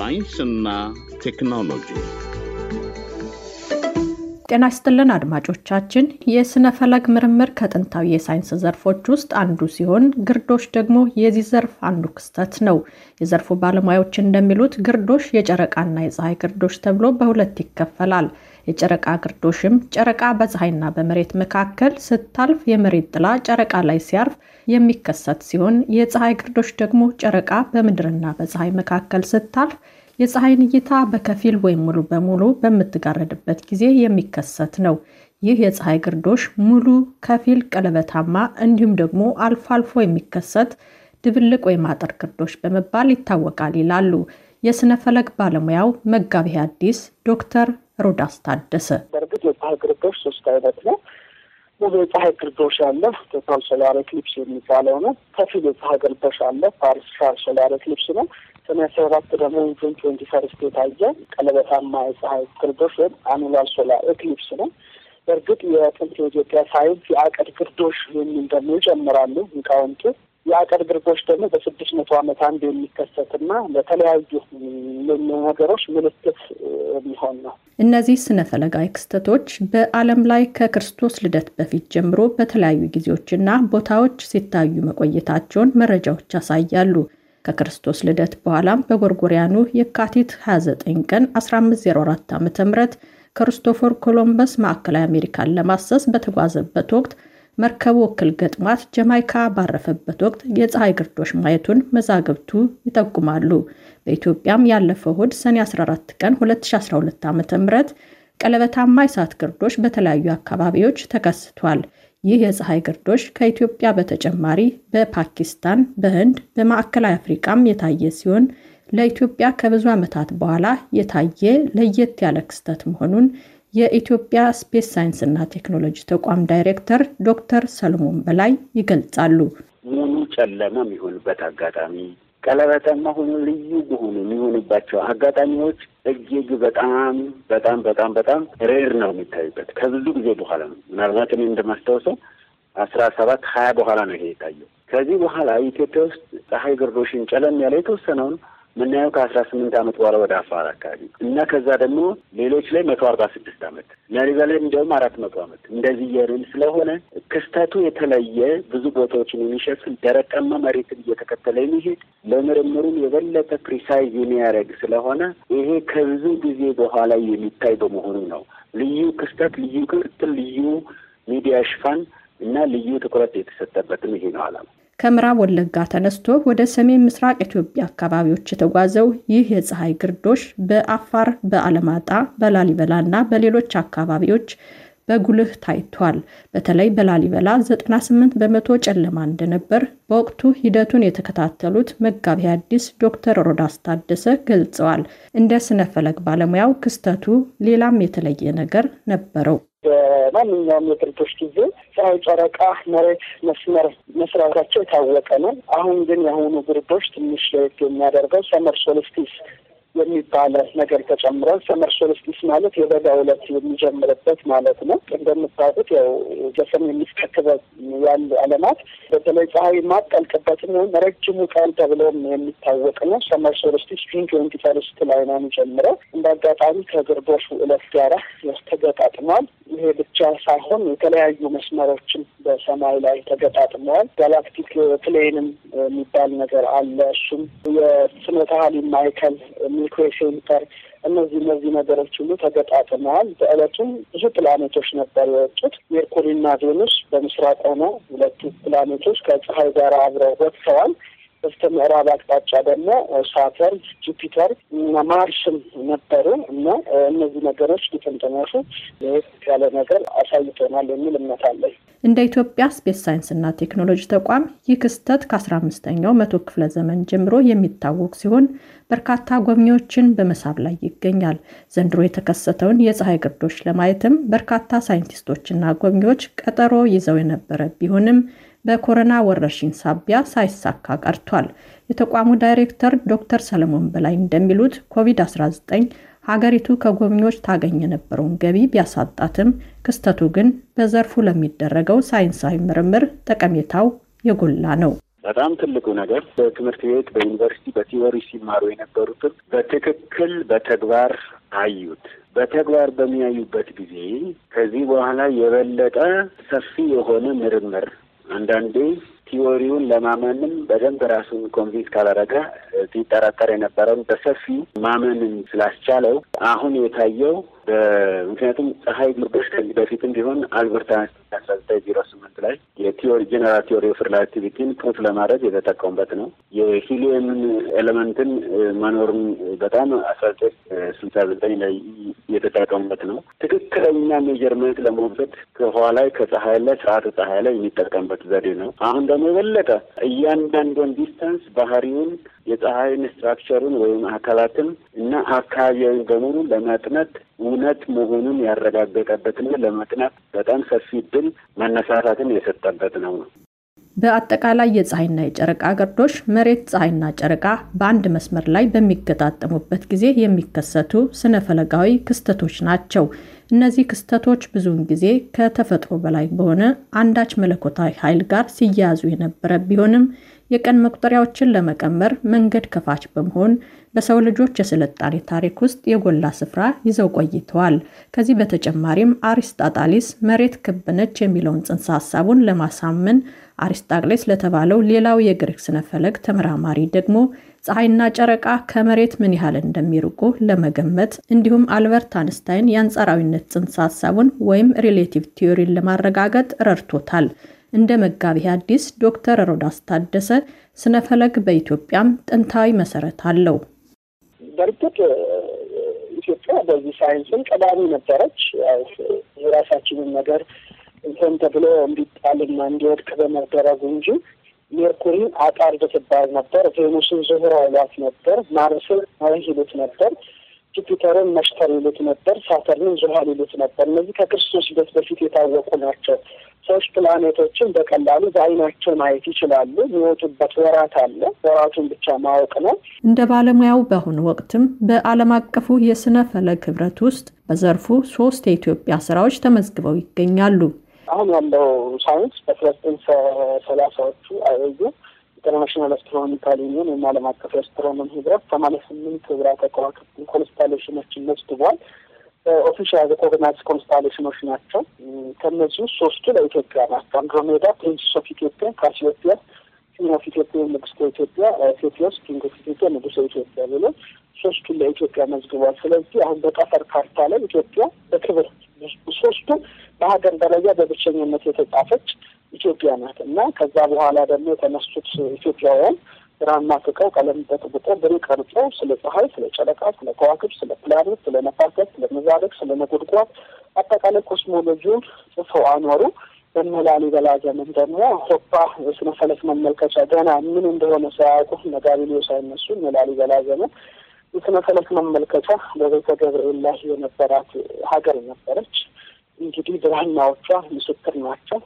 ሳይንስና ቴክኖሎጂ ጤና ይስጥልን አድማጮቻችን። የስነ ፈለግ ምርምር ከጥንታዊ የሳይንስ ዘርፎች ውስጥ አንዱ ሲሆን ግርዶሽ ደግሞ የዚህ ዘርፍ አንዱ ክስተት ነው። የዘርፉ ባለሙያዎች እንደሚሉት ግርዶሽ የጨረቃና የፀሐይ ግርዶሽ ተብሎ በሁለት ይከፈላል። የጨረቃ ግርዶሽም ጨረቃ በፀሐይና በመሬት መካከል ስታልፍ የመሬት ጥላ ጨረቃ ላይ ሲያርፍ የሚከሰት ሲሆን የፀሐይ ግርዶሽ ደግሞ ጨረቃ በምድርና በፀሐይ መካከል ስታልፍ የፀሐይን እይታ በከፊል ወይም ሙሉ በሙሉ በምትጋረድበት ጊዜ የሚከሰት ነው። ይህ የፀሐይ ግርዶሽ ሙሉ፣ ከፊል፣ ቀለበታማ እንዲሁም ደግሞ አልፎ አልፎ የሚከሰት ድብልቅ ወይም አጥር ግርዶሽ በመባል ይታወቃል ይላሉ። የስነ ፈለክ ባለሙያው መጋቢ አዲስ ዶክተር ሮዳስ ታደሰ። በእርግጥ የፀሐይ ግርዶሽ ሶስት አይነት ነው። ሙሉ የፀሐይ ግርዶሽ አለ፣ ቶታል ሶላር ኤክሊፕስ የሚባለው ነው። ከፊል የፀሐይ ግርዶሽ አለ፣ ፓርሻል ሶላር ኤክሊፕስ ነው። ሰኔ አስራ አራት ደግሞ ጁን ትዌንቲ ፈርስት የታየ ቀለበታማ የፀሐይ ግርዶሽ ወይም አኑላር ሶላር ኤክሊፕስ ነው። በእርግጥ የጥንት የኢትዮጵያ ሳይንስ የአቀድ ግርዶሽ የሚል ደግሞ ይጨምራሉ ሊቃውንቱ የአቀል ግርዶሽ ደግሞ በስድስት መቶ ዓመት አንዱ የሚከሰትና ለተለያዩ ነገሮች ምልክት የሚሆን ነው። እነዚህ ስነ ፈለጋዊ ክስተቶች በዓለም ላይ ከክርስቶስ ልደት በፊት ጀምሮ በተለያዩ ጊዜዎችና ቦታዎች ሲታዩ መቆየታቸውን መረጃዎች ያሳያሉ። ከክርስቶስ ልደት በኋላም በጎርጎሪያኑ የካቲት 29 ቀን 1504 ዓ ም ክርስቶፈር ኮሎምበስ ማዕከላዊ አሜሪካን ለማሰስ በተጓዘበት ወቅት መርከቡ እክል ገጥሟት ጀማይካ ባረፈበት ወቅት የፀሐይ ግርዶሽ ማየቱን መዛግብቱ ይጠቁማሉ። በኢትዮጵያም ያለፈው እሁድ ሰኔ 14 ቀን 2012 ዓ ም ቀለበታማ የእሳት ግርዶሽ በተለያዩ አካባቢዎች ተከስቷል። ይህ የፀሐይ ግርዶሽ ከኢትዮጵያ በተጨማሪ በፓኪስታን፣ በህንድ፣ በማዕከላዊ አፍሪቃም የታየ ሲሆን ለኢትዮጵያ ከብዙ ዓመታት በኋላ የታየ ለየት ያለ ክስተት መሆኑን የኢትዮጵያ ስፔስ ሳይንስና ቴክኖሎጂ ተቋም ዳይሬክተር ዶክተር ሰሎሞን በላይ ይገልጻሉ። ሙሉ ጨለማ የሚሆንበት አጋጣሚ፣ ቀለበታማ ሆኖ ልዩ በሆኑ የሚሆንባቸው አጋጣሚዎች እጅግ በጣም በጣም በጣም በጣም ሬር ነው የሚታዩበት ከብዙ ጊዜ በኋላ ነው። ምናልባት እኔ እንደማስታውሰው አስራ ሰባት ሀያ በኋላ ነው ይሄ የታየው። ከዚህ በኋላ ኢትዮጵያ ውስጥ ፀሐይ ግርዶሽን ጨለም ያለ የተወሰነውን የምናየው ከአስራ ስምንት ዓመት በኋላ ወደ አፋር አካባቢ እና ከዛ ደግሞ ሌሎች ላይ መቶ አርባ ስድስት ዓመት ላሊበላ ላይ እንዲያውም አራት መቶ ዓመት እንደዚህ የርን ስለሆነ ክስተቱ የተለየ ብዙ ቦታዎችን የሚሸፍን ደረቃማ መሬትን እየተከተለ የሚሄድ ለምርምሩም የበለጠ ፕሪሳይዝ የሚያደርግ ስለሆነ ይሄ ከብዙ ጊዜ በኋላ የሚታይ በመሆኑ ነው ልዩ ክስተት፣ ልዩ ቅርጥ፣ ልዩ ሚዲያ ሽፋን እና ልዩ ትኩረት የተሰጠበትም ይሄ ነው ዓላማ። ከምዕራብ ወለጋ ተነስቶ ወደ ሰሜን ምስራቅ ኢትዮጵያ አካባቢዎች የተጓዘው ይህ የፀሐይ ግርዶሽ በአፋር በአለማጣ በላሊበላ እና በሌሎች አካባቢዎች በጉልህ ታይቷል። በተለይ በላሊበላ 98 በመቶ ጨለማ እንደነበር በወቅቱ ሂደቱን የተከታተሉት መጋቢ አዲስ ዶክተር ሮዳስ ታደሰ ገልጸዋል። እንደ ስነፈለግ ባለሙያው ክስተቱ ሌላም የተለየ ነገር ነበረው። በማንኛውም የፍርዶች ጊዜ ፀሐይ፣ ጨረቃ፣ መሬት መስመር መስራታቸው የታወቀ ነው። አሁን ግን የአሁኑ ፍርዶች ትንሽ ለየት የሚያደርገው ሰመር ሶልስቲስ የሚባለ ነገር ተጨምሯል። ሰመር ሶልስቲስ ማለት የበጋ ዕለት የሚጀምርበት ማለት ነው። እንደምታውቁት ያው ጀሰም የሚስከክበት ያሉ አለማት በተለይ ፀሐይ ማጠልቅበትም ወይም ረጅሙ ቀን ተብሎም የሚታወቅ ነው። ሰመር ሶልስቲስ ጁን ትዌንቲ ፈርስት ላይ ነው የሚጀምረው። እንደ አጋጣሚ ከግርቦሹ ዕለት ጋር ተገጣጥሟል። ይሄ ብቻ ሳይሆን የተለያዩ መስመሮችን በሰማይ ላይ ተገጣጥመዋል። ጋላክቲክ ፕሌንም የሚባል ነገር አለ። እሱም የስነ ሀሊ ማይከል ኮሚኒኬሽን እነዚህ እነዚህ ነገሮች ሁሉ ተገጣጥመዋል። በእለቱም ብዙ ፕላኔቶች ነበር የወጡት። ሜርኩሪና ቬኑስ በምስራቅ ሆነ ሁለቱ ፕላኔቶች ከፀሐይ ጋር አብረው ወጥተዋል። በስተ ምዕራብ አቅጣጫ ደግሞ ሳተር፣ ጁፒተር እና ማርስም ነበሩ እና እነዚህ ነገሮች እየተንጠመሱ ያለ ነገር አሳይተናል የሚል እምነት አለን። እንደ ኢትዮጵያ ስፔስ ሳይንስና ቴክኖሎጂ ተቋም ይህ ክስተት ከአስራ አምስተኛው መቶ ክፍለ ዘመን ጀምሮ የሚታወቅ ሲሆን በርካታ ጎብኚዎችን በመሳብ ላይ ይገኛል። ዘንድሮ የተከሰተውን የፀሐይ ግርዶች ለማየትም በርካታ ሳይንቲስቶችና ጎብኚዎች ቀጠሮ ይዘው የነበረ ቢሆንም በኮሮና ወረርሽኝ ሳቢያ ሳይሳካ ቀርቷል። የተቋሙ ዳይሬክተር ዶክተር ሰለሞን በላይ እንደሚሉት ኮቪድ-19 ሀገሪቱ ከጎብኚዎች ታገኝ የነበረውን ገቢ ቢያሳጣትም ክስተቱ ግን በዘርፉ ለሚደረገው ሳይንሳዊ ምርምር ጠቀሜታው የጎላ ነው። በጣም ትልቁ ነገር በትምህርት ቤት በዩኒቨርሲቲ በቲዎሪ ሲማሩ የነበሩትን በትክክል በተግባር አዩት። በተግባር በሚያዩበት ጊዜ ከዚህ በኋላ የበለጠ ሰፊ የሆነ ምርምር አንዳንዱ ቲዎሪውን ለማመንም በደንብ ራሱን ኮንቪንስ ካላረገ ሲጠራጠር የነበረውን በሰፊው ማመንን ስላስቻለው አሁን የታየው ምክንያቱም ፀሐይ ግርዶሽ ከዚህ በፊትም ቢሆን አልበርት አንስታይን አስራ ዘጠኝ ዜሮ ስምንት ላይ የቲዎሪ ጀነራል ቲዎሪ ኦፍ ሪላቲቪቲን ፕሩፍ ለማድረግ የተጠቀሙበት ነው። የሂሊየምን ኤሌመንትን መኖርን በጣም አስራ ዘጠኝ ስልሳ ዘጠኝ ላይ የተጠቀሙበት ነው። ትክክለኛ ሜጀርመንት ለመውሰድ ከኋላ ላይ ከፀሐይ ላይ ስርዓተ ፀሐይ ላይ የሚጠቀምበት ዘዴ ነው። አሁን ደግሞ ደግሞ የበለጠ እያንዳንዱን ዲስታንስ ባህሪውን የፀሐይን ስትራክቸሩን ወይም አካላትን እና አካባቢያዊን በሙሉ ለማጥናት እውነት መሆኑን ያረጋገጠበትና ለማጥናት በጣም ሰፊ ድል መነሳሳትን የሰጠበት ነው። በአጠቃላይ የፀሐይና የጨረቃ ገርዶሽ መሬት ፀሐይና ጨረቃ በአንድ መስመር ላይ በሚገጣጠሙበት ጊዜ የሚከሰቱ ስነፈለጋዊ ክስተቶች ናቸው። እነዚህ ክስተቶች ብዙውን ጊዜ ከተፈጥሮ በላይ በሆነ አንዳች መለኮታዊ ኃይል ጋር ሲያያዙ የነበረ ቢሆንም የቀን መቁጠሪያዎችን ለመቀመር መንገድ ከፋች በመሆን በሰው ልጆች የስልጣኔ ታሪክ ውስጥ የጎላ ስፍራ ይዘው ቆይተዋል። ከዚህ በተጨማሪም አሪስጣጣሊስ መሬት ክብ ነች የሚለውን ጽንሰ ሀሳቡን ለማሳመን አሪስጣቅሌስ ለተባለው ሌላው የግሪክ ስነፈለግ ተመራማሪ ደግሞ ፀሐይና ጨረቃ ከመሬት ምን ያህል እንደሚርቁ ለመገመት እንዲሁም አልበርት አንስታይን የአንጻራዊነት ጽንሰ ሀሳቡን ወይም ሪሌቲቭ ቲዮሪን ለማረጋገጥ ረድቶታል። እንደ መጋቢ አዲስ ዶክተር ሮዳስ ታደሰ ስነፈለግ በኢትዮጵያም ጥንታዊ መሰረት አለው። በእርግጥ ኢትዮጵያ በዚህ ሳይንስም ቀዳሚ ነበረች። የራሳችንን ነገር እንትን ተብሎ እንዲጣልና እንዲወድቅ በመደረጉ እንጂ ሜርኩሪ አቃር ትባል ነበር። ቬኑስን ዝሁራ ይሏት ነበር። ማርስን መርህ ይሉት ነበር። ጁፒተርን መሽተር ይሉት ነበር። ሳተርንን ዙሃል ይሉት ነበር። እነዚህ ከክርስቶስ ልደት በፊት የታወቁ ናቸው። ሰዎች ፕላኔቶችን በቀላሉ በአይናቸው ማየት ይችላሉ። የሚወጡበት ወራት አለ። ወራቱን ብቻ ማወቅ ነው። እንደ ባለሙያው በአሁኑ ወቅትም በዓለም አቀፉ የስነ ፈለክ ህብረት ውስጥ በዘርፉ ሶስት የኢትዮጵያ ስራዎች ተመዝግበው ይገኛሉ። አሁን ያለው ሳይንስ በአስራ ዘጠኝ ሰላሳዎቹ አይዙ ኢንተርናሽናል አስትሮኖሚካል ዩኒየን ወይም ዓለም አቀፍ የአስትሮኖሚ ህብረት ሰማንያ ስምንት ህብረተ ከዋክብትን ኮንስታሌሽኖችን መዝግቧል። ኦፊሻል ሪኮግናይዝ ኮንስታሌሽኖች ናቸው። ከእነዚህ ውስጥ ሶስቱ ለኢትዮጵያ ናቸው። አንድሮሜዳ፣ ፕሪንስስ ኦፍ ኢትዮጵያ፣ ካሲዮጵያ፣ ኪን ኦፍ ኢትዮጵያ፣ ንጉሥ ኢትዮጵያ፣ ኢትዮጵያስ ኪንግ ኦፍ ኢትዮጵያ፣ ንጉሠ ኢትዮጵያ ብሎ ሶስቱን ለኢትዮጵያ መዝግቧል። ስለዚህ አሁን በጠፈር ካርታ ላይ ኢትዮጵያ በክብር ሶስቱ በሀገር ደረጃ በብቸኝነት የተጻፈች ኢትዮጵያ ናት እና ከዛ በኋላ ደግሞ የተነሱት ኢትዮጵያውያን ብራና ማፍቀው ቀለም ተጥብቀው ብዕር ቀርጾ ስለ ፀሐይ፣ ስለ ጨረቃ፣ ስለ ከዋክብ፣ ስለ ፕላኔት፣ ስለ ነፋርከት፣ ስለ መዛረቅ፣ ስለ ነጎድጓድ አጠቃላይ ኮስሞሎጂውን ጽፈው አኖሩ። በእነ ላሊበላ ዘመን ደግሞ ሆባ የስነ ፈለክ መመልከቻ ገና ምን እንደሆነ ሳያውቁ ነጋቢሌው ሳይነሱ እነ ላሊበላ ዘመን የስነ ፈለክ መመልከቻ በቤተ ገብርኤል ላይ የነበራት ሀገር ነበረች። እንግዲህ ዋናዎቿ ምስክር ናቸው።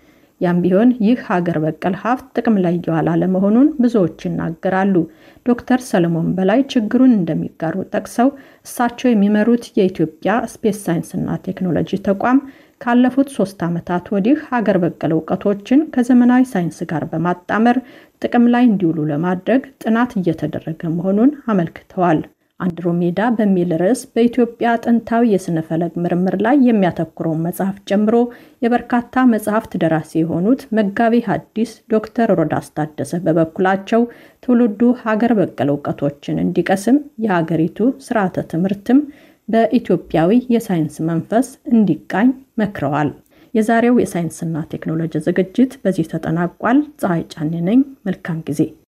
ያም ቢሆን ይህ ሀገር በቀል ሀብት ጥቅም ላይ እየዋለ አለመሆኑን ብዙዎች ይናገራሉ። ዶክተር ሰለሞን በላይ ችግሩን እንደሚጋሩ ጠቅሰው እሳቸው የሚመሩት የኢትዮጵያ ስፔስ ሳይንስና ቴክኖሎጂ ተቋም ካለፉት ሶስት ዓመታት ወዲህ ሀገር በቀል እውቀቶችን ከዘመናዊ ሳይንስ ጋር በማጣመር ጥቅም ላይ እንዲውሉ ለማድረግ ጥናት እየተደረገ መሆኑን አመልክተዋል። አንድሮሜዳ በሚል ርዕስ በኢትዮጵያ ጥንታዊ የሥነ ፈለግ ምርምር ላይ የሚያተኩረውን መጽሐፍ ጨምሮ የበርካታ መጽሐፍት ደራሲ የሆኑት መጋቢ ሐዲስ ዶክተር ሮዳስ ታደሰ በበኩላቸው ትውልዱ ሀገር በቀል እውቀቶችን እንዲቀስም የሀገሪቱ ስርዓተ ትምህርትም በኢትዮጵያዊ የሳይንስ መንፈስ እንዲቃኝ መክረዋል። የዛሬው የሳይንስና ቴክኖሎጂ ዝግጅት በዚህ ተጠናቋል። ፀሐይ ጫኔ ነኝ። መልካም ጊዜ